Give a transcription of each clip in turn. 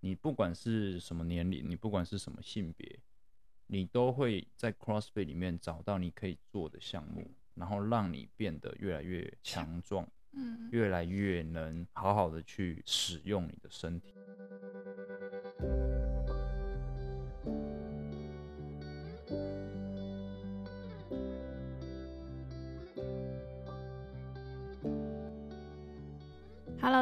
你不管是什麼年齡，你不管是什麼性別，你都會在 CrossFit 裡面找到你可以做的項目，然後讓你變得越來越強壯，嗯，越來越能好好的去使用你的身體。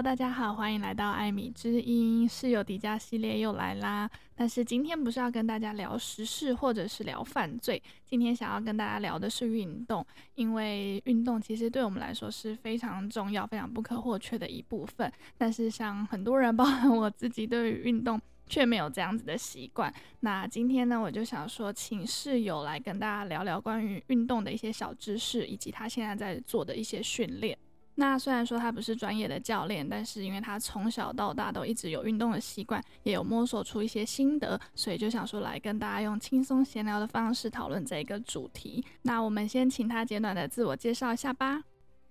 大家好，歡迎來到艾米之音室友底佳系列又來啦。但是今天不是要跟大家聊時事或者是聊犯罪，今天想要跟大家聊的是運動，因為運動其實對我們來說是非常重要、非常不可或缺的一部分。但是像很多人，包含我自己，對於運動卻沒有這樣子的習慣。那今天呢，我就想說，請室友來跟大家聊聊關於運動的一些小知識，以及他現在在做的一些訓練。那雖然說他不是專業的教練，但是因為他從小到大都一直有運動的習慣，也有摸索出一些心得，所以就想說來跟大家用輕鬆閒聊的方式討論這一個主題。那我們先請他簡短的自我介紹一下吧。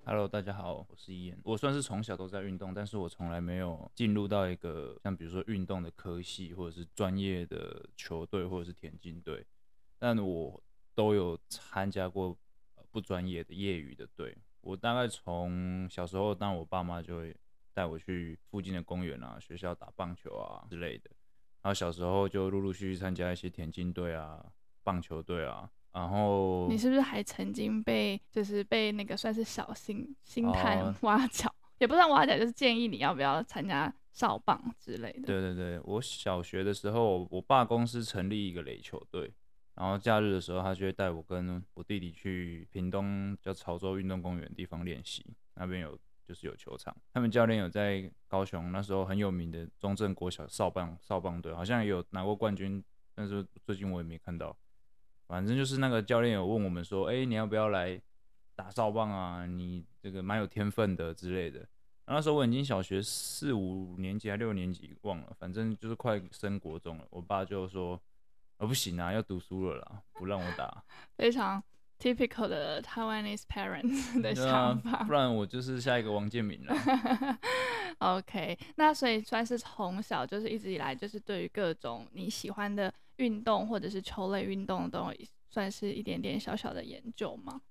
Hello，大家好，我是 Ian。我算是從小都在運動，但是我從來沒有進入到一個像比如說運動的科系，或者是專業的球隊，或者是田徑隊。但我都有參加過不專業的業餘的隊。我大概從小時候當我爸媽就會帶我去附近的公園啊、學校打棒球啊之類的。然後小時候就陸陸續續參加一些田徑隊啊、棒球隊啊。然後你是不是還曾經被就是被那個算是小星、星探挖角？啊，也不算挖角，就是建議你要不要參加少棒之類的？對對對，我小學的時候，我爸公司成立一個壘球隊。然後假日的時候，他就會帶我跟我弟弟去屏東叫潮州運動公園的地方練習，那邊有就是有球場。他們教練有在高雄那時候很有名的中正國小少棒、少棒隊，好像也有拿過冠軍，但是最近我也沒看到。反正就是那個教練有問我們說：“哎，你要不要來打少棒啊？你這個蠻有天分的之類的。”那時候我已經小學四五年級還六年級忘了，反正就是快升國中了。我爸就說。呃、哦，不行啊，要讀書了啦，不讓我打。 非常 typical 的 Taiwanese parents 的想法，啊、不然我就是下一個王建民了。 OK，那所以算是從小就是一直以來就是對於各種你喜歡的運動或者是球類運動都算是一點點小小的研究嗎？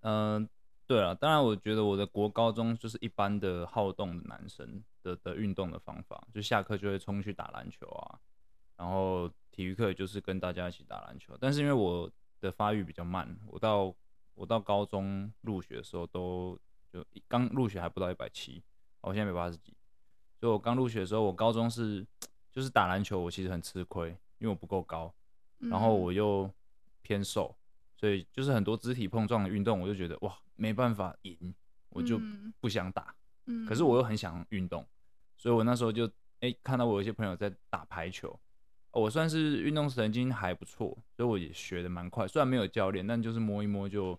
嗯、呃，對啊，當然我覺得我的國高中就是一般的好動的男生的的運動的方法，就下課就會衝去打籃球啊，然後。體育課就是跟大家一起打籃球，但是因為我的發育比較慢，我到我到高中入學的時候都就剛入學還不到一百七，我現在一百八十幾，所以我剛入學的時候，我高中是就是打籃球，我其實很吃虧，因為我不夠高，然後我又偏瘦，所以就是很多肢體碰撞的運動，我就覺得哇，沒辦法贏，我就不想打，可是我又很想運動，所以我那時候就哎、欸、看到我有些朋友在打排球。我算是運動神經還不錯，所以我也學得蠻快的。雖然沒有教練，但就是摸一摸就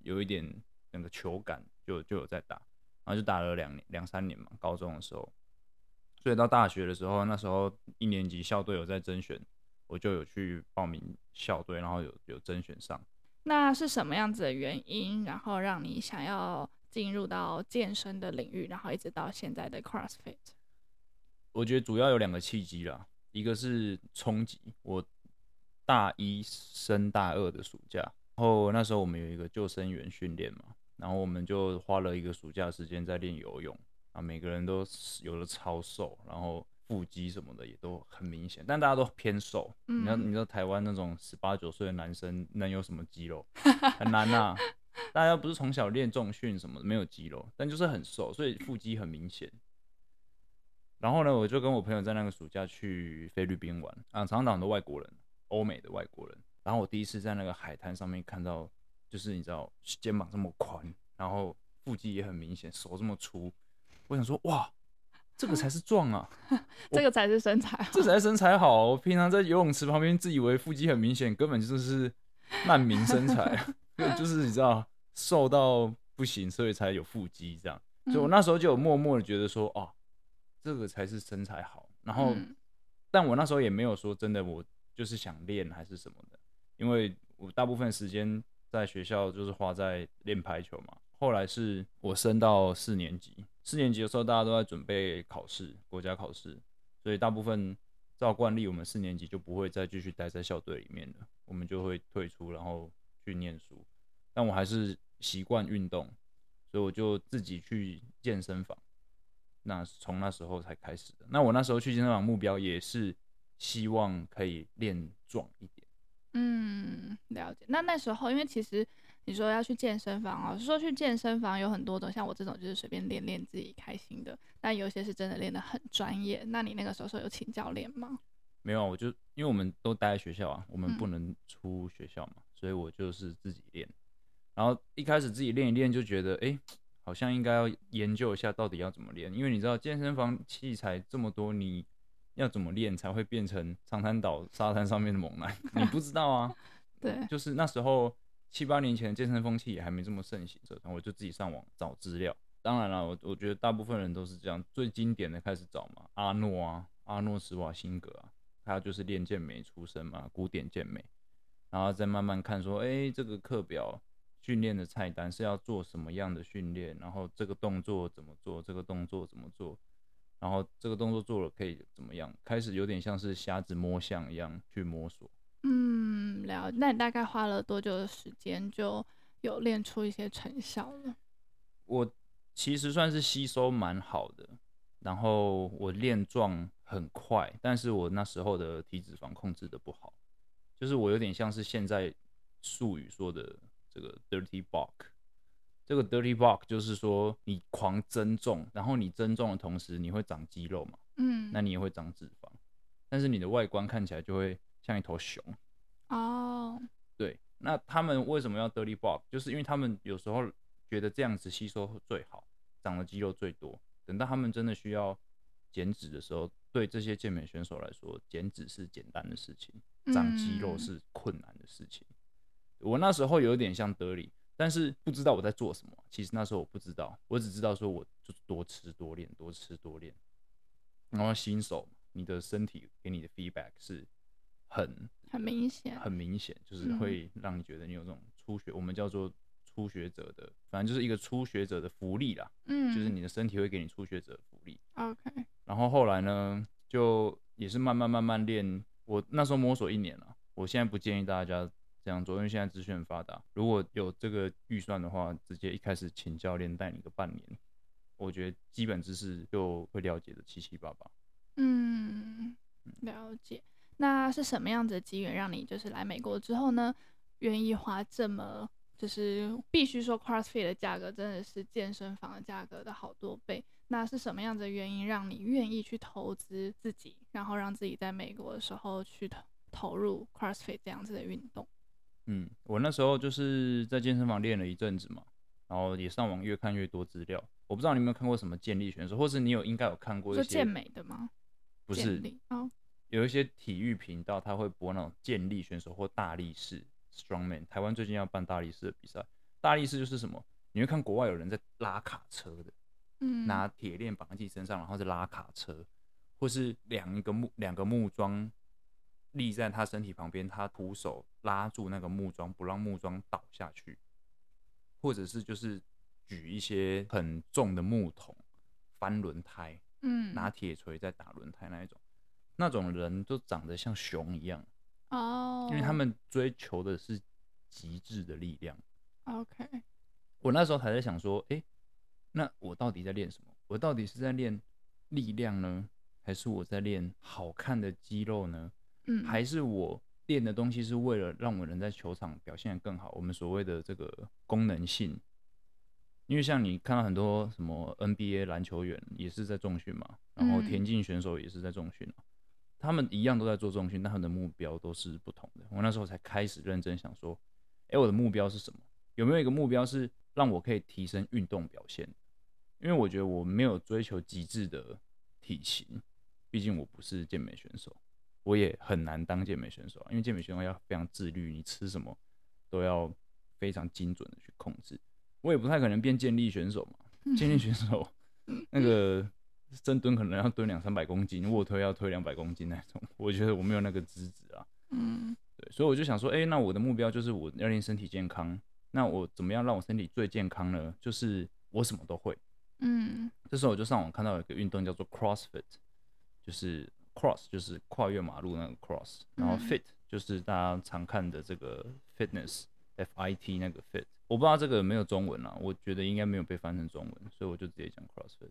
有一點那個球感，就就有在打，然後就打了兩兩三年嘛，高中的時候。所以到大學的時候，那時候一年級校隊有在甄選，我就有去報名校隊，然後有有甄選上。那是什麼樣子的原因，然後讓你想要進入到健身的領域，然後一直到現在的 CrossFit？我覺得主要有兩個契機啦。一個是衝擊我大一升大二的暑假，然後那時候我們有一個救生員訓練嘛，然後我們就花了一個暑假時間在練游泳啊，每個人都有的超瘦，然後腹肌什麼的也都很明顯，但大家都偏瘦，你知道你知道台灣那種十八九歲的男生能有什麼肌肉？很難吶，啊， 大家不是從小練重訓什麼的，沒有肌肉，但就是很瘦，所以腹肌很明顯。然後呢，我就跟我朋友在那個暑假去菲律賓玩啊，長灘島的外國人，歐美的外國人。然後我第一次在那個海灘上面看到，就是你知道肩膀這麼寬，然後腹肌也很明顯，手這麼粗，我想說哇，這個才是壯啊，呵呵這個才是身材，這才是身材好。我平常在游泳池旁邊，自以為腹肌很明顯，根本就是難民身材， 就是你知道瘦到不行，所以才有腹肌這樣。就我那時候就有默默的覺得說哦。嗯啊這個才是身材好，然後，嗯，但我那時候也沒有說真的，我就是想練還是什麼的，因為我大部分時間在學校就是花在練排球嘛。後來是我升到四年級，四年級的時候大家都在準備考試，國家考試，所以大部分照慣例，我們四年級就不會再繼續待在校隊裡面了，我們就會退出，然後去念書。但我還是習慣運動，所以我就自己去健身房。那是從那時候才開始的。那我那時候去健身房目標也是希望可以練壯一點。嗯，了解。那那時候因為其實你說要去健身房啊，就是，說去健身房有很多種，像我這種就是隨便練練自己開心的。但有些是真的練得很專業。那你那個時候說有請教練嗎？沒有啊，我就因為我們都待在學校啊，我們不能出學校嘛，嗯、所以我就是自己練。然後一開始自己練一練就覺得，哎、欸。好像應該要研究一下到底要怎麼練，因為你知道健身房器材這麼多，你要怎麼練才會變成長灘島沙灘上面的猛男？你不知道啊。 對，就是那時候七八年前健身風氣也還沒這麼盛行，所以我就自己上網找資料。當然了、啊，我我覺得大部分人都是這樣，最經典的開始找嘛，阿諾啊，阿諾施瓦辛格啊，他就是練健美出身嘛，古典健美，然後再慢慢看說，哎、欸，這個課表。訓練的菜單是要做什麼樣的訓練，然後這個動作怎麼做，這個動作怎麼做，然後這個動作做了可以怎麼樣？開始有點像是瞎子摸象一樣去摸索。嗯，了。那你大概花了多久的時間就有練出一些成效呢？我其實算是吸收蠻好的，然後我練壯很快，但是我那時候的體脂肪控制得不好，就是我有點像是現在術語說的。這個 dirty bulk，這個 dirty bulk 就是說你狂增重，然後你增重的同時，你會長肌肉嘛？嗯，那你也會長脂肪，但是你的外觀看起來就會像一頭熊。哦，對，那他們為什麼要 dirty bulk？就是因為他們有時候覺得這樣子吸收最好，長的肌肉最多。等到他們真的需要減脂的時候，對這些健美選手來說，減脂是簡單的事情，長肌肉是困難的事情。嗯我那時候有點像德里，但是不知道我在做什麼。其實那時候我不知道，我只知道說我就多吃多練，多吃多練。然後新手，你的身體給你的 feedback 是很很明顯，很明顯，就是會讓你覺得你有這種初學、嗯，我們叫做初學者的，反正就是一個初學者的福利啦。嗯，就是你的身體會給你初學者的福利。OK、嗯。然後後來呢，就也是慢慢慢慢練。我那時候摸索一年了，我現在不建議大家。這樣做，因為現在資訊很發達，如果有這個預算的話，直接一開始請教練帶你個半年，我覺得基本知識就會了解的七七八八。嗯，了解。那是什麼樣子的機緣讓你就是來美國之後呢，願意花這麼就是必須說 CrossFit 的價格真的是健身房的價格的好多倍？那是什麼樣子的原因讓你願意去投資自己，然後讓自己在美國的時候去投投入 CrossFit 這樣子的運動？嗯，我那時候就是在健身房練了一陣子嘛，然後也上網越看越多資料。我不知道你有沒有看過什麼健力選手，或是你有應該有看過一些是健美的嗎？不是，哦，有一些體育頻道他會播那種健力選手或大力士 （strongman）。台灣最近要辦大力士的比賽，大力士就是什麼？你會看國外有人在拉卡車的，嗯，拿鐵鏈綁在自己身上，然後再拉卡車，或是兩一個木兩個木樁。立在他身體旁邊，他徒手拉住那個木樁，不讓木樁倒下去，或者是就是舉一些很重的木桶、翻輪胎、嗯，拿鐵錘在打輪胎那一種，嗯、那種人都長得像熊一樣哦，Oh. 因為他們追求的是極致的力量。OK，我那時候還在想說，哎、欸，那我到底在練什麼？我到底是在練力量呢，還是我在練好看的肌肉呢？嗯，還是我練的東西是為了讓我人能在球場表現得更好。我們所謂的這個功能性，因為像你看到很多什麼 NBA 籃球員也是在重訓嘛，然後田徑選手也是在重訓、嗯、他們一樣都在做重訓，但他們的目標都是不同的。我那時候才開始認真想說，哎、欸，我的目標是什麼？有沒有一個目標是讓我可以提升運動表現？因為我覺得我沒有追求極致的體型，畢竟我不是健美選手。我也很難當健美選手，啊，因為健美選手要非常自律，你吃什麼都要非常精準的去控制。我也不太可能變健力選手嘛，健 力選手那個深蹲可能要蹲兩三百公斤，臥推要推兩百公斤那種，我覺得我沒有那個資質啊。嗯，對，所以我就想說，哎，欸，那我的目標就是我要練身體健康，那我怎麼樣讓我身體最健康呢？就是我什麼都會。嗯，這時候我就上網看到有一個運動叫做 CrossFit，就是。Cross 就是跨越馬路那個 Cross，然後 Fit 就是大家常看的這個 Fitness F I T 那個 Fit，我不知道這個有沒有中文啊，我覺得應該沒有被翻成中文，所以我就直接講 CrossFit。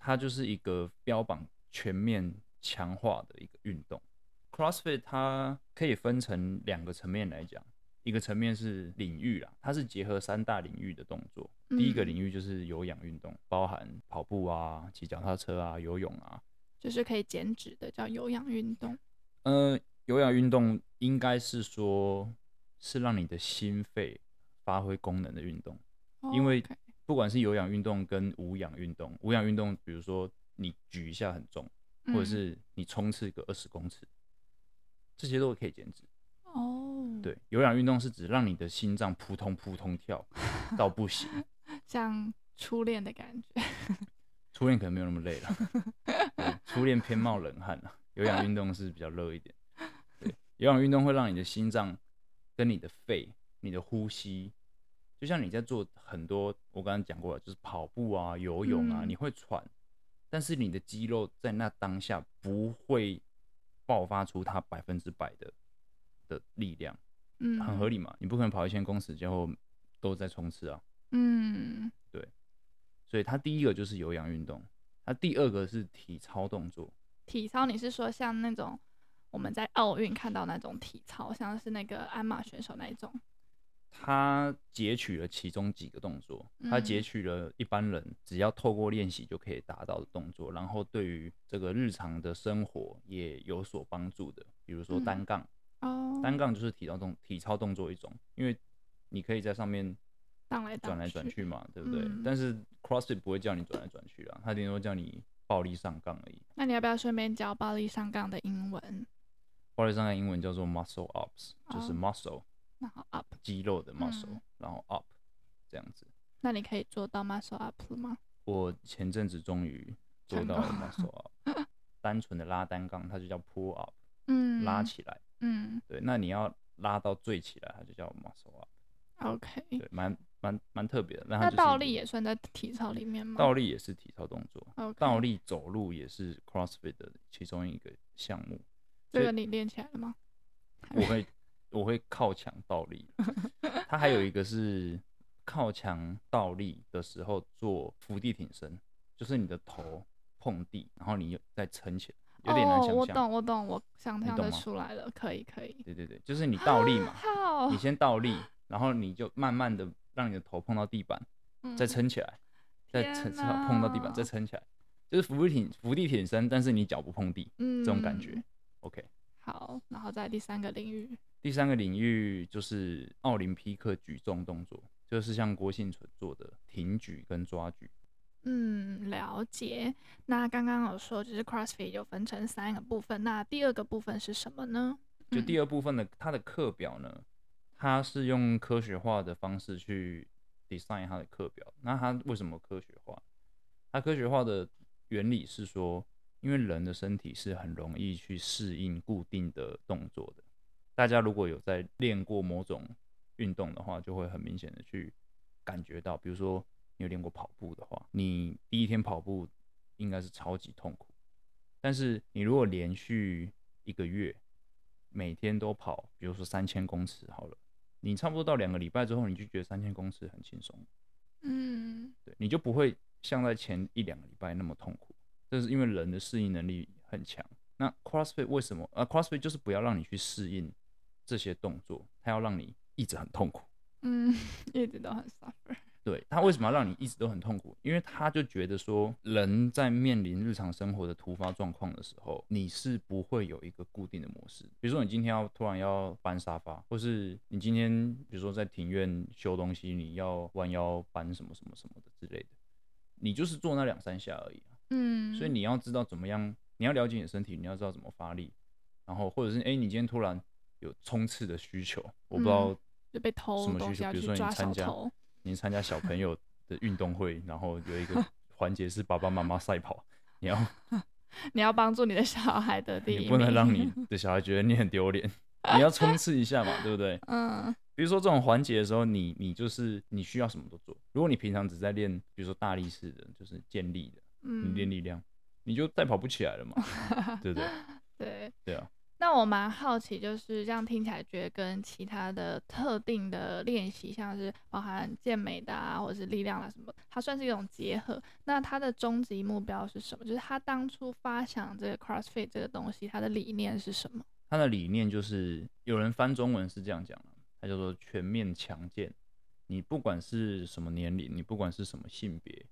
它就是一個標榜全面強化的一個運動。CrossFit 它可以分成兩個層面來講，一個層面是領域啦，它是結合三大領域的動作。第一個領域就是有氧運動，包含跑步啊、騎腳踏車啊、游泳啊。就是可以減脂的，叫有氧運動。嗯、呃，有氧運動應該是說，是讓你的心肺發揮功能的運動。Oh, okay. 因為不管是有氧運動跟無氧運動，無氧運動比如說你舉一下很重，嗯、或者是你衝刺個二十公尺，這些都可以減脂。哦、oh.，對，有氧運動是指讓你的心臟撲通撲通跳到不行， 像初戀的感覺。 初戀可能沒有那麼累了， 初戀偏冒冷汗、啊、有氧運動是比較熱一點，對，有氧運動會讓你的心臟、跟你的肺、你的呼吸，就像你在做很多，我剛剛講過就是跑步啊、游泳啊，你會喘，但是你的肌肉在那當下不會爆發出它百分之百的的力量，嗯，很合理嘛，你不可能跑一千公尺之後都在衝刺啊，嗯，嗯。所以它第一個就是有氧運動，他第二個是體操動作。體操你是說像那種我們在奧運看到那種體操，像是那個鞍馬選手那一種？他截取了其中幾個動作，他截取了一般人只要透過練習就可以達到的動作，嗯、然後對於這個日常的生活也有所幫助的，比如說單槓。哦、嗯，oh. 單槓就是體操動體操動作一種，因為你可以在上面。轉來轉去、嗯、去嘛，對不對、嗯？但是 CrossFit 不會叫你轉來轉去啦，他頂多叫你暴力上槓而已。那你要不要順便教暴力上槓的英文？暴力上槓的英文叫做 Muscle Ups、哦、就是 Muscle，然後 Up，肌肉的 Muscle、嗯、然後 Up，這樣子。那你可以做到 Muscle Ups 嗎？我前陣子終於做到了 Muscle，Up 了 單純的拉單槓，它就叫 Pull Up，嗯，拉起來，嗯，對。那你要拉到最起來，它就叫 Muscle Up、嗯。OK，對，蠻。蠻蠻特別的，就是、那倒立也算在體操裡面嗎？倒立也是體操動作，okay. 倒立走路也是 CrossFit 的其中一個項目。這個你練起來了嗎？我會，我會靠牆倒立。 它還有一個是靠牆倒立的時候做伏地挺身， 就是你的頭碰地，然後你再撐起來。有點難想像哦，我懂，我懂，我想像的出來了，可以，可以。對對對，就是你倒立嘛， 你先倒立，然後你就慢慢的。讓你的頭碰到地板，嗯、再撐起來，再撐、啊、碰到地板，再撐起來，就是伏地挺，伏地挺身，但是你腳不碰地、嗯，這種感覺。OK。好，然後在第三個領域。第三個領域就是奧林匹克舉重動作，就是像郭婞淳做的挺舉跟抓舉。嗯，了解。那剛剛有說就是 CrossFit 有分成三個部分，那第二個部分是什麼呢？嗯、就第二部分的它的課表呢？它是用科學化的方式去 design 它的課表，那它為什麼科學化？它科學化的原理是說，因為人的身體是很容易去適應固定的動作的。大家如果有在練過某種運動的話，就會很明顯的去感覺到，比如說你有練過跑步的話，你第一天跑步應該是超級痛苦，但是你如果連續一個月每天都跑，比如說三千公尺好了。你差不多到兩個禮拜之後，你就覺得三千公尺很輕鬆，嗯，對，你就不會像在前一兩個禮拜那麼痛苦。這是因為人的適應能力很強。那 CrossFit 為什麼？呃，CrossFit 就是不要讓你去適應這些動作，它要讓你一直很痛苦，嗯，一直都很 suffer。對，他為什麼要讓你一直都很痛苦？因為他就覺得說，人在面臨日常生活的突發狀況的時候，你是不會有一個固定的模式。比如說，你今天要突然要搬沙發，或是你今天比如說在庭院修東西，你要彎腰搬什麼什麼什麼的之類的，你就是做那兩三下而已啊，嗯，所以你要知道怎麼樣，你要了解你的身體，你要知道怎麼發力，然後或者是哎、欸，你今天突然有衝刺的需求，我不知道就被偷什麼東西，比如說你參加。嗯你參加小朋友的運動會，然後有一個環節是爸爸媽媽賽跑，你要 你要幫助你的小孩得第一名，你不能讓你的小孩覺得你很丟臉， 你要衝刺一下嘛，對不對？嗯，比如說這種環節的時候，你你就是你需要什麼都做。如果你平常只在練，比如說大力士的，就是健力的，嗯，練力量，你就再跑不起來了嘛， 對不對？對對啊。那我蠻好奇，就是這樣聽起來覺得跟其他的特定的練習，像是包含健美的啊，或者是力量啦、啊、什麼，它算是一種結合。那它的終極目標是什麼？就是他當初發想這個 CrossFit 這個東西，它的理念是什麼？它的理念就是有人翻中文是這樣講的，他叫做全面強健，你不管是什麼年齡，你不管是什麼性別，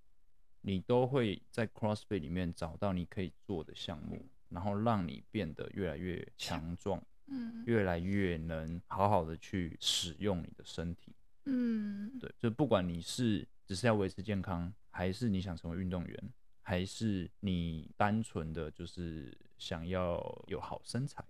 你都會在 CrossFit 裡面找到你可以做的項目。然後讓你變得越來越強壯，嗯，越來越能好好的去使用你的身體，嗯，對，就不管你是只是要維持健康，還是你想成為運動員，還是你單純的就是想要有好身材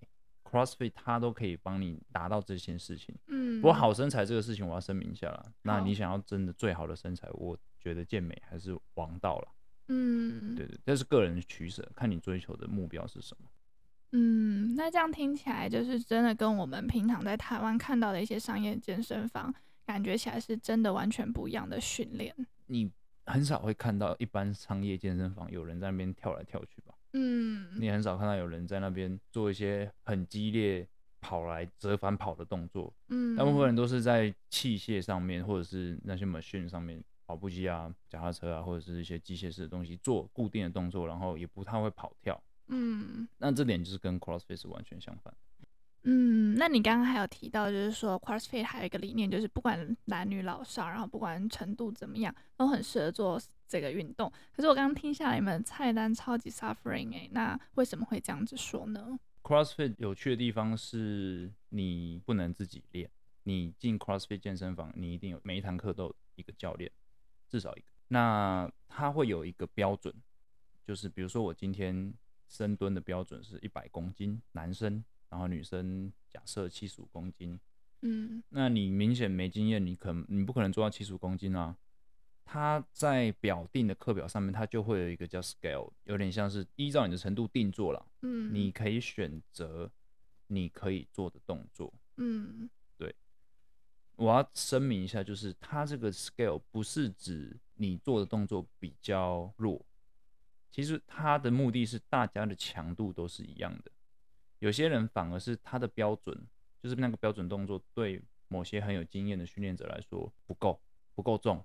，CrossFit 它都可以幫你達到這些事情，嗯。不過好身材這個事情我要聲明一下啦，那你想要真的最好的身材，我覺得健美還是王道啦。嗯，對對，這個人的取捨，看你追求的目標是什麼。嗯，那這樣聽起來就是真的跟我們平常在台灣看到的一些商業健身房，感覺起來是真的完全不一樣的訓練。你很少會看到一般商業健身房有人在那邊跳來跳去吧？嗯，你很少看到有人在那邊做一些很激烈跑來折返跑的動作。嗯，大部分人都是在器械上面或者是那些 machine 上面。跑步機啊、腳踏車啊，或者是一些機械式的東西做固定的動作，然後也不太會跑跳。嗯，那這點就是跟 CrossFit 是完全相反。嗯，那你剛剛還有提到，就是說 CrossFit 還有一個理念，就是不管男女老少，然後不管程度怎麼樣，都很適合做這個運動。可是我剛剛聽下來你們菜單超級 suffering 誒、欸，那為什麼會這樣子說呢？CrossFit 有趣的地方是，你不能自己練，你進 CrossFit 健身房，你一定有每一堂課都有一個教練。至少一個，那他會有一個標準，就是比如說我今天深蹲的標準是一百公斤，男生，然後女生假設七十五公斤，嗯，那你明顯沒經驗，你可你不可能做到七十五公斤啊。他在表定的課表上面，他就會有一個叫 scale，有點像是依照你的程度定做了，嗯，你可以選擇你可以做的動作，嗯。我要聲明一下，就是他這個 scale 不是指你做的動作比較弱，其實他的目的是大家的強度都是一樣的。有些人反而是他的標準，就是那個標準動作對某些很有經驗的訓練者來說不夠，不夠重。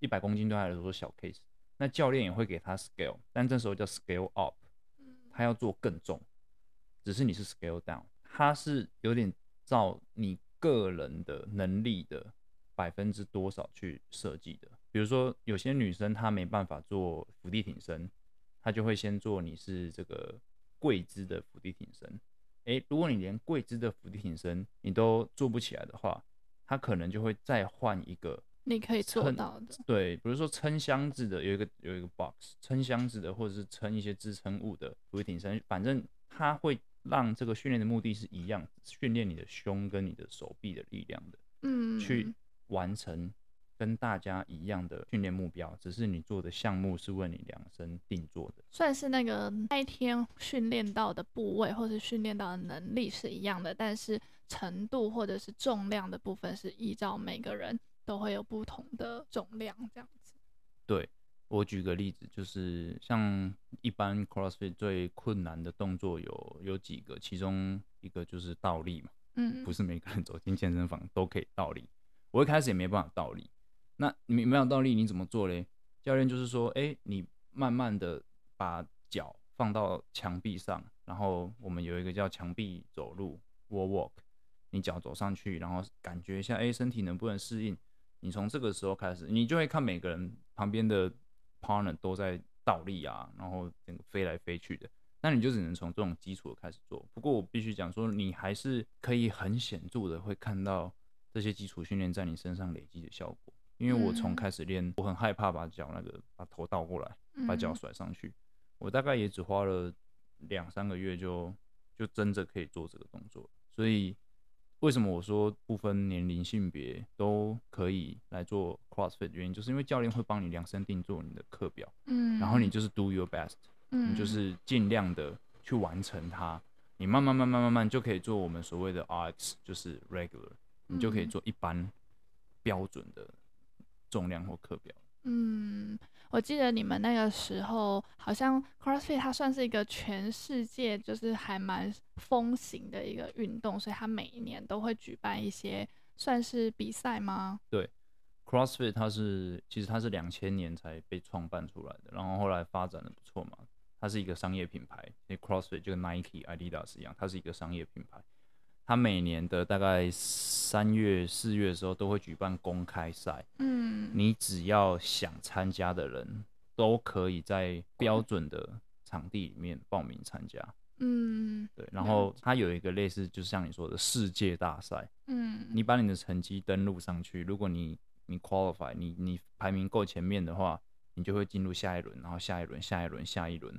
一百公斤對他來說是小 case，那教練也會給他 scale，但這時候叫 scale up，他要做更重。只是你是 scale down，他是有點照你。個人的能力的百分之多少去設計的。比如說，有些女生她沒辦法做伏地挺身，她就會先做你是這個跪姿的伏地挺身。誒、欸，如果你連跪姿的伏地挺身你都做不起來的話，她可能就會再換一個你可以做到的。對，比如說撐箱子的，有一個有一個 box 撐箱子的，或者是撐一些支撐物的伏地挺身，反正他會。讓這個訓練的目的是一樣，訓練你的胸跟你的手臂的力量的，嗯，去完成跟大家一樣的訓練目標，只是你做的項目是為你量身定做的，算是那個那一天訓練到的部位或是訓練到的能力是一樣的，但是程度或者是重量的部分是依照每個人都會有不同的重量這樣子，對。我舉個例子，就是像一般 CrossFit 最困難的動作有有幾個，其中一個就是倒立嘛。嗯，不是每個人走進健身房都可以倒立。我一開始也沒辦法倒立。那你沒有倒立，你怎麼做嘞？教練就是說，哎、欸，你慢慢的把腳放到牆壁上，然後我們有一個叫牆壁走路 Wall Walk，你腳走上去，然後感覺一下，哎、欸，身體能不能適應？你從這個時候開始，你就會看每個人旁邊的。partner 都在倒立啊，然後整個飛來飛去的，那你就只能從這種基礎的開始做。不過我必須講說，你還是可以很顯著的會看到這些基礎訓練在你身上累積的效果。因為我從開始練，我很害怕把腳那個把頭倒過來，把腳甩上去，我大概也只花了兩三個月就就真的可以做這個動作，所以。為什麼我說不分年齡、性別都可以來做 CrossFit？原因就是因為教練會幫你量身定做你的課表，然後你就是 Do Your Best，你就是盡量的去完成它。你慢慢、慢慢、慢慢就可以做我們所謂的 RX，就是 Regular，你就可以做一般標準的重量或課表。嗯。嗯。嗯。我記得你們那個時候，好像 CrossFit 它算是一個全世界就是還蠻風行的一個運動，所以它每一年都會舉辦一些算是比賽嗎？對，CrossFit 它是其實它是兩千年才被創辦出來的，然後後來發展的不錯嘛，它是一個商業品牌，所以 CrossFit 就跟 Nike、Adidas 一樣，它是一個商業品牌。他每年的大概三月、四月的時候都會舉辦公開賽。嗯，你只要想參加的人都可以在標準的場地裡面報名參加。嗯，對。然後他有一個類似，就是像你說的世界大賽。嗯，你把你的成績登錄上去，如果你你 qualify，你你排名夠前面的話，你就會進入下一輪，然後下一輪，下一輪，下一輪。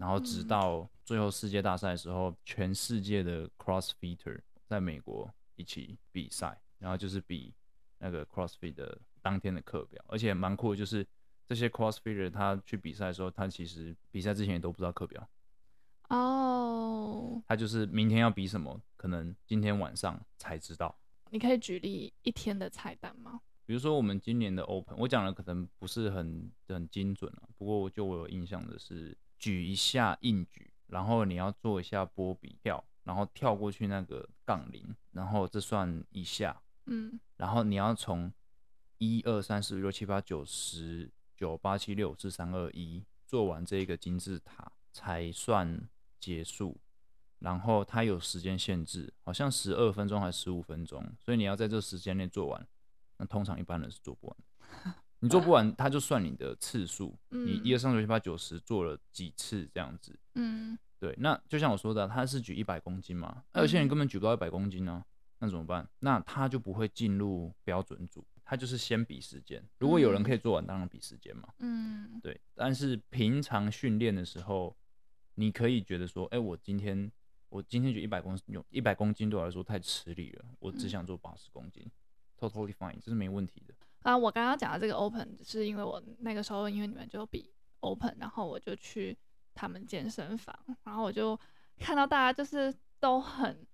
然後直到最後世界大賽的時候，嗯、全世界的 CrossFitter 在美國一起比賽，然後就是比那個 CrossFit 的當天的課表，而且蠻酷的就是這些 CrossFitter 他去比賽的時候，他其實比賽之前也都不知道課表。哦。他就是明天要比什麼，可能今天晚上才知道。你可以舉例一天的菜單嗎？比如說我們今年的 Open，我講的可能不是很很精準、啊、不過就我有印象的是。舉一下硬舉，然後你要做一下波比跳，然後跳過去那個槓鈴，然後這算一下，嗯，然後你要從一二三四五六七八九十九八七六五四三二一做完這一個金字塔才算結束，然後它有時間限制，好像十二分鐘還是十五分鐘，所以你要在這時間內做完，那通常一般人是做不完。 你做不完，他就算你的次數、嗯。你一、二、三、四、五、六、七、八、九十做了幾次這樣子？嗯，對。那就像我說的、啊，他是舉一百公斤嘛？那有些人根本舉不到一百公斤呢、啊嗯，那怎麼辦？那他就不會進入標準組，他就是先比時間。如果有人可以做完，嗯、當然比時間嘛。嗯，對。但是平常訓練的時候，你可以覺得說，哎、欸，我今天我今天舉一百公斤，一百公斤對我來說太吃力了，我只想做八十公斤、嗯、，totally fine，這是沒問題的。啊，我剛剛講的這個 Open 是因為我那個時候，因為你們就比 Open，然後我就去他們健身房，然後我就看到大家就是都很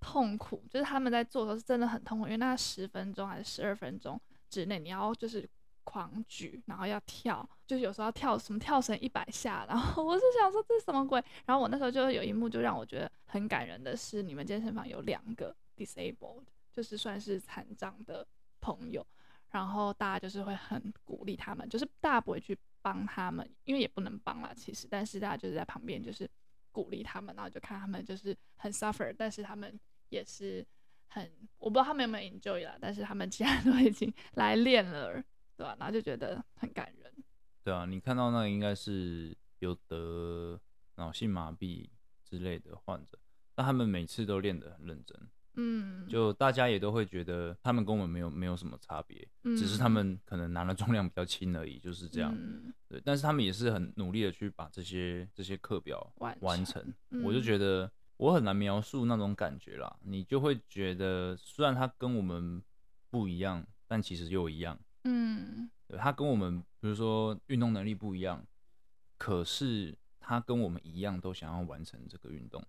痛苦，就是他們在做的時候是真的很痛苦，因為那十分鐘還是十二分鐘之內，你要就是狂舉，然後要跳，就是有時候要跳什麼跳繩一百下，然後我就想說，這是什麼鬼？然後我那時候就有一幕就讓我覺得很感人的是，你們健身房有兩個 disabled，就是算是殘障的朋友。然後大家就是會很鼓勵他們，就是大家不會去幫他們，因為也不能幫啦，其實。但是大家就是在旁邊，就是鼓勵他們，然後就看他們就是很 suffer，但是他們也是很，我不知道他們有沒有 enjoy 啦，但是他們既然都已經來練了，對吧，啊？然後就覺得很感人。對啊，你看到那個應該是有得腦性麻痹之類的患者，但他們每次都練得很認真。嗯，就大家也都會覺得他們跟我們沒有沒有什麼差別，嗯，只是他們可能拿的重量比較輕而已，就是這樣，嗯。對，但是他們也是很努力的去把這些這些課表完成完成，嗯。我就覺得我很難描述那種感覺啦，你就會覺得雖然他跟我們不一樣，但其實又一樣。嗯，對，他跟我們比如說運動能力不一樣，可是他跟我們一樣都想要完成這個運動。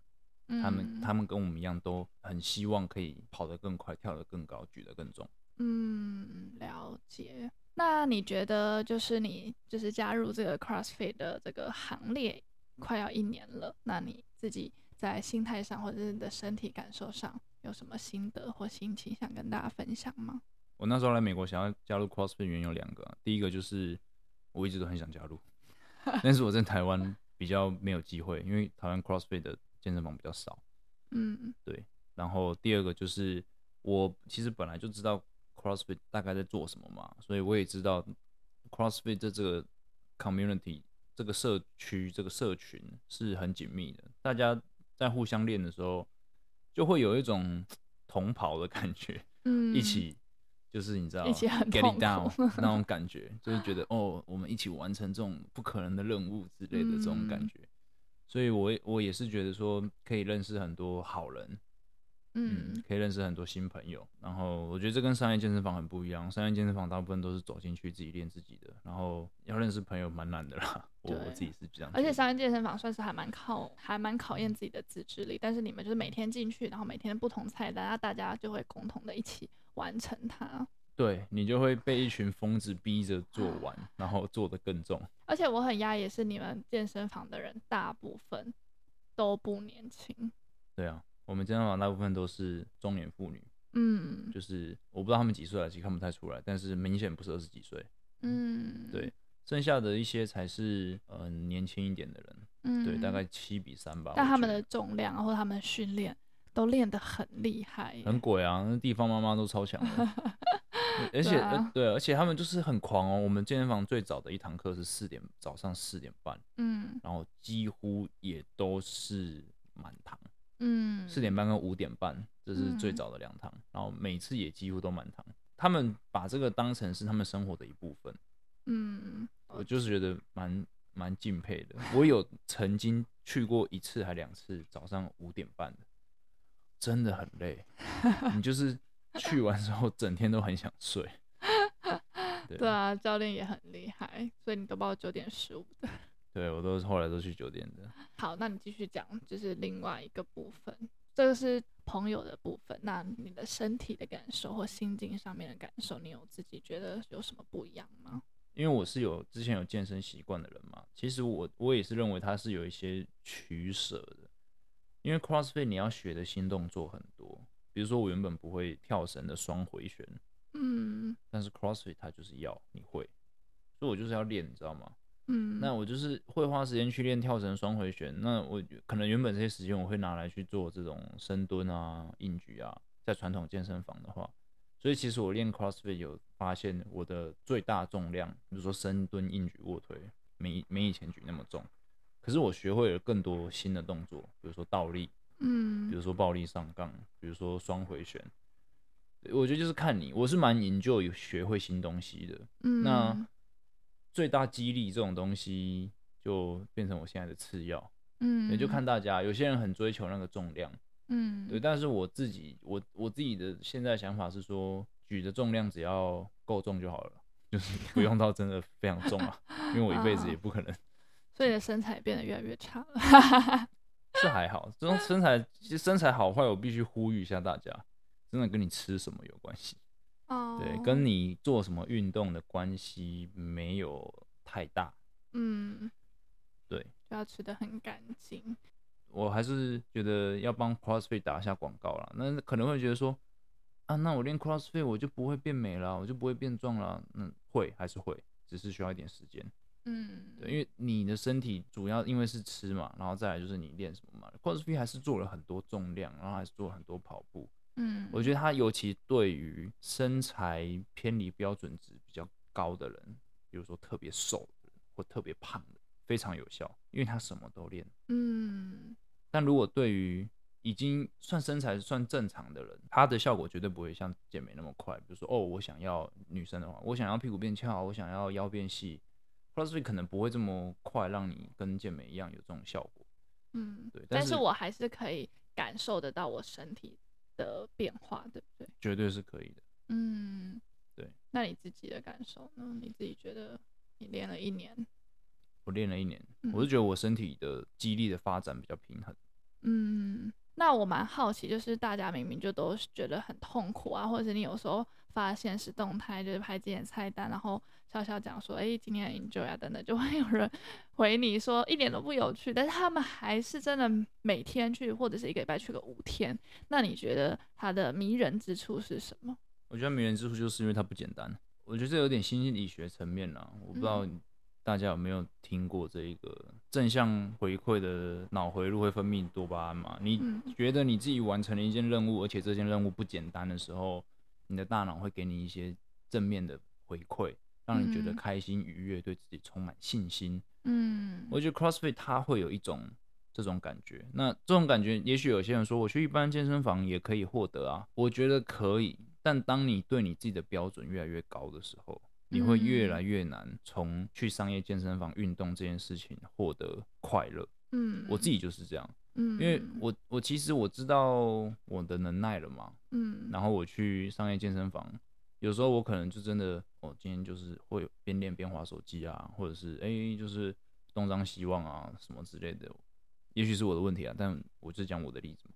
他們他們跟我們一樣，都很希望可以跑得更快，跳得更高，舉得更重。嗯，了解。那你覺得，就是你就是加入這個 CrossFit 的這個行列，快要一年了，那你自己在心態上或者是你的身體感受上有什麼心得或心情想跟大家分享嗎？我那時候來美國想要加入 CrossFit，原因有兩個，第一個就是我一直都很想加入， 但是我在台灣比較沒有機會，因為台灣 CrossFit 的健身房比較少，嗯，對。然後第二個就是，我其實本來就知道 CrossFit 大概在做什麼嘛，所以我也知道 CrossFit 在這個 community 這個社區這個社群是很緊密的。大家在互相練的時候，就會有一種同袍的感覺，嗯，一起就是你知道 get it down 那種感覺，就是覺得哦，我們一起完成這種不可能的任務之類的這種感覺。嗯嗯。所以我，我我也是覺得說可以認識很多好人，嗯，嗯，可以認識很多新朋友。然後，我覺得這跟商業健身房很不一樣。商業健身房大部分都是走進去自己練自己的，然後要認識朋友蠻難的啦。我我自己是這樣的。而且商業健身房算是還蠻考還蠻考驗自己的自制力。但是你們就是每天進去，然後每天不同菜單，那大家就會共同的一起完成它。對，你就會被一群瘋子逼着做完，啊，然後做得更重。而且我很壓抑，是你們健身房的人大部分都不年輕。對啊，我們健身房大部分都是中年婦女。嗯，就是我不知道他們幾歲了，其實看不太出來，但是明顯不是二十幾歲。嗯，對，剩下的一些才是嗯、呃、年輕一點的人。嗯，對，大概七比三吧。但他們的重量，或他們的訓練都練得很厲害。很鬼啊，那地方媽媽都超強。 而且對啊，呃，對，而且他們就是很狂哦。我們健身房最早的一堂課是四點，早上四點半，嗯，然後幾乎也都是滿堂，嗯，四點半跟五點半，這是最早的兩堂，嗯，然後每次也幾乎都滿堂。他們把這個當成是他們生活的一部分，嗯，我就是覺得蠻蠻敬佩的。我有曾經去過一次還兩次，早上五點半的，真的很累， 你就是。去完之後，整天都很想睡。對， 對啊，教練也很厲害，所以你都報九點十五的。對，我都是後來都去九點的。好，那你繼續講，就是另外一個部分，這個是朋友的部分。那你的身體的感受或心境上面的感受，你有自己覺得有什麼不一樣嗎？因為我是有之前有健身習慣的人嘛，其實我我也是認為它是有一些取捨的，因為 CrossFit 你要學的新動作很多。比如說我原本不會跳繩的雙迴旋，嗯，但是 CrossFit 它就是要你會，所以我就是要練，你知道嗎？嗯，那我就是會花時間去練跳繩、雙迴旋。那我可能原本這些時間我會拿來去做這種深蹲啊、硬舉啊，在傳統健身房的話。所以其實我練 CrossFit 有發現我的最大重量，比如說深蹲、硬舉、臥推，沒沒以前舉那麼重。可是我學會了更多新的動作，比如說倒立。嗯，比如說暴力上槓，比如說雙回旋，我覺得就是看你。我是蠻 enjoy 學會新東西的。嗯，那最大肌力這種東西就變成我現在的次要。嗯，也就看大家，有些人很追求那個重量。嗯，對。但是我自己，我我自己的現在想法是說，舉的重量只要夠重就好了，就是不用到真的非常重啊， 因為我一輩子也不可能、啊。所以你的身材變得越來越差了。 這還好，這種身材其實身材好壞，我必須呼籲一下大家，真的跟你吃什麼有關係，oh. 對，跟你做什麼運動的關係沒有太大。嗯、mm.，對，就要吃得很乾淨。我還是覺得要幫 CrossFit 打一下廣告啦，那可能會覺得說，啊，那我練 CrossFit 我就不會變美啦，我就不會變壯啦，嗯，會還是會，只是需要一點時間。嗯，對，因為你的身體主要因為是吃嘛，然後再來就是你練什麼嘛。CrossFit 還是做了很多重量，然後還是做了很多跑步。嗯，我覺得它尤其對於身材偏離標準值比較高的人，比如說特別瘦的或特別胖的，非常有效，因為他什麼都練。嗯，但如果對於已經算身材是算正常的人，他的效果絕對不會像健美那麼快。比如說哦，我想要女生的話，我想要屁股變翹，我想要腰變細。CrossFit 可能不會這麼快讓你跟健美一樣有這種效果，嗯，對，但是我還是可以感受得到我身體的變化，對不對？絕對是可以的，嗯，對。那你自己的感受呢？你自己覺得你練了一年，我練了一年，我是覺得我身體的肌力的發展比較平衡，嗯。那我蠻好奇，就是大家明明就都是覺得很痛苦啊，或者是你有時候發現是動態就是拍健美菜單，然後。笑笑講說：“哎、欸，今天的 enjoy、啊、等等，就會有人回你說一點都不有趣，但是他們還是真的每天去，或者是一個禮拜去個五天。那你覺得它的迷人之處是什麼？”我覺得迷人之處就是因為它不簡單。我覺得這有點心理學層面啦。我不知道大家有沒有聽過這一個正向回饋的腦回路會分泌多巴胺嘛？你覺得你自己完成了一件任務，而且這件任務不簡單的時候，你的大腦會給你一些正面的回饋。讓你覺得開心愉悅、嗯，對自己充滿信心。嗯，我覺得 CrossFit 它會有一種這種感覺。那這種感覺，也許有些人說我去一般健身房也可以獲得啊，我覺得可以。但當你對你自己的標準越來越高的時候，你會越來越難從去商業健身房運動這件事情獲得快樂。嗯，我自己就是這樣。嗯，因為我我其實我知道我的能耐了嘛。嗯，然後我去商業健身房。有時候我可能就真的，我、哦、今天就是會邊練邊滑手機啊，或者是哎、欸，就是東張西望啊什麼之類的，也許是我的問題啊，但我就講我的例子嘛。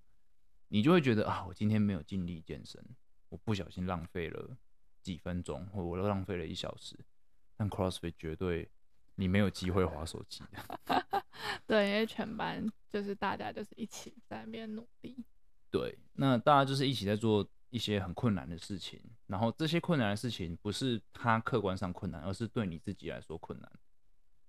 你就會覺得啊、哦，我今天沒有盡力健身，我不小心浪費了幾分鐘，或者我都浪費了一小時。但 CrossFit 絕對，你沒有機會滑手機、啊。 對，因為全班就是大家就是一起在那邊努力。對，那大家就是一起在做。一些很困難的事情，然後這些困難的事情不是它客觀上困難，而是對你自己來說困難，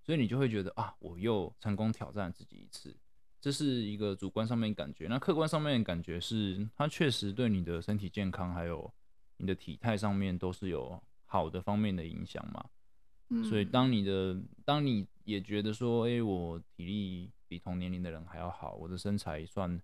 所以你就會覺得啊，我又成功挑戰了自己一次，這是一個主觀上面的感覺。那客觀上面的感覺是它確實對你的身體健康還有你的體態上面都是有好的方面的影響嘛。嗯，所以當你的當你也覺得說，誒，我體力比同年齡的人還要好，我的身材算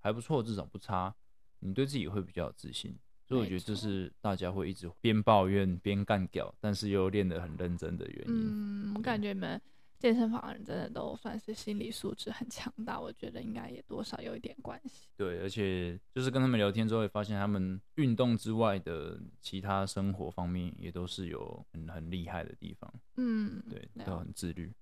還不錯，至少不差。你對自己會比較有自信，所以我覺得這是大家會一直邊抱怨邊幹譙，但是又練得很認真的原因。嗯，我感覺你們健身房人真的都算是心理素質很強大，我覺得應該也多少有一點關係。對，而且就是跟他們聊天之後，發現他們運動之外的其他生活方面也都是有很很厲害的地方。嗯，對，都很自律。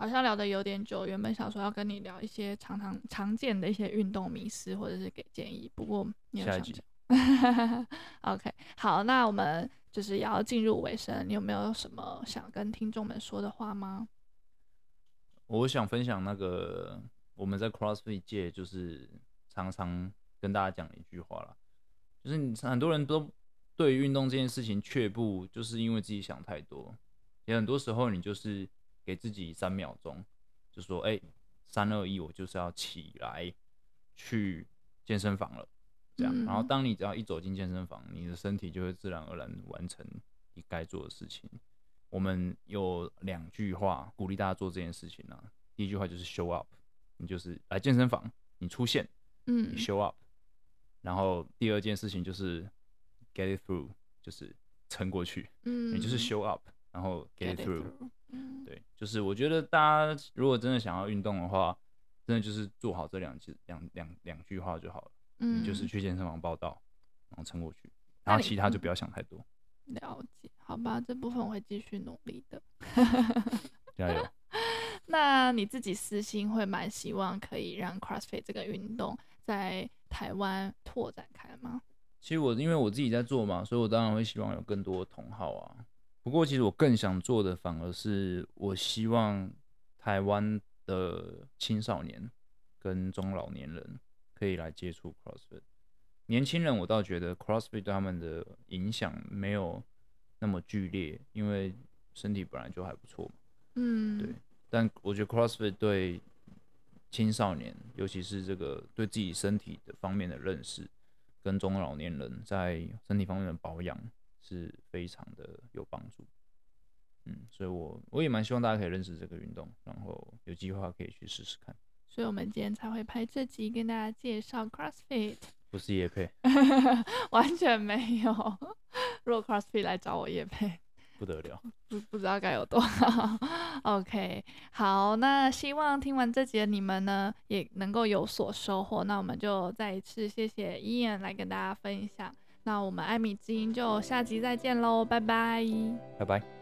好像聊得有點久，原本想說要跟你聊一些常常常見的一些運動迷思，或者是給建議。不過你有想講 ？OK，好，那我們就是要進入尾聲。你有沒有什麼想跟聽眾們說的話嗎？我想分享那個我們在 CrossFit 界就是常常跟大家講一句話啦，就是你，很多人都對運動這件事情卻步，就是因為自己想太多。也很多時候你就是。給自己三秒鐘，就說：“哎、欸，三二一，我就是要起來去健身房了。”這樣。然後，當你只要一走進健身房，你的身體就會自然而然完成你該做的事情。我們有兩句話鼓勵大家做這件事情呢、啊。第一句話就是 “show up”，你就是來健身房，你出現，你 show up、嗯。然後，第二件事情就是 “get it through”，就是撐過去、嗯。你就是 show up，然後 get it through、嗯。嗯、對，就是我覺得大家如果真的想要運動的話，真的就是做好這兩句兩兩兩句話就好了。嗯，就是去健身房報到，然後撐過去，然後其他就不要想太多。嗯、了解，好吧，這部分我會繼續努力的。 加油。 那你自己私心會蠻希望可以讓 CrossFit 這個運動在台灣拓展開嗎？其實我因為我自己在做嘛，所以我當然會希望有更多同好啊。不過，其實我更想做的反而是，我希望台灣的青少年跟中老年人可以來接觸 CrossFit。年輕人我倒覺得 CrossFit 對他們的影響沒有那麼劇烈，因為身體本來就還不錯。嗯，對。但我覺得 CrossFit 對青少年，尤其是這個對自己身體的方面的認識，跟中老年人在身體方面的保養。是非常的有幫助，嗯，所以我我也蠻希望大家可以認識這個運動，然後有機會可以去試試看。所以我們今天才會拍這集跟大家介紹 CrossFit，不是業配， 完全沒有。若 CrossFit 來找我業配，不得了，不不知道該有多好。 OK，好，那希望聽完這集的你們呢也能夠有所收穫。那我們就再一次謝謝 Ian 來跟大家分享。那我們艾米基因就下集再見嘍，拜拜，拜拜。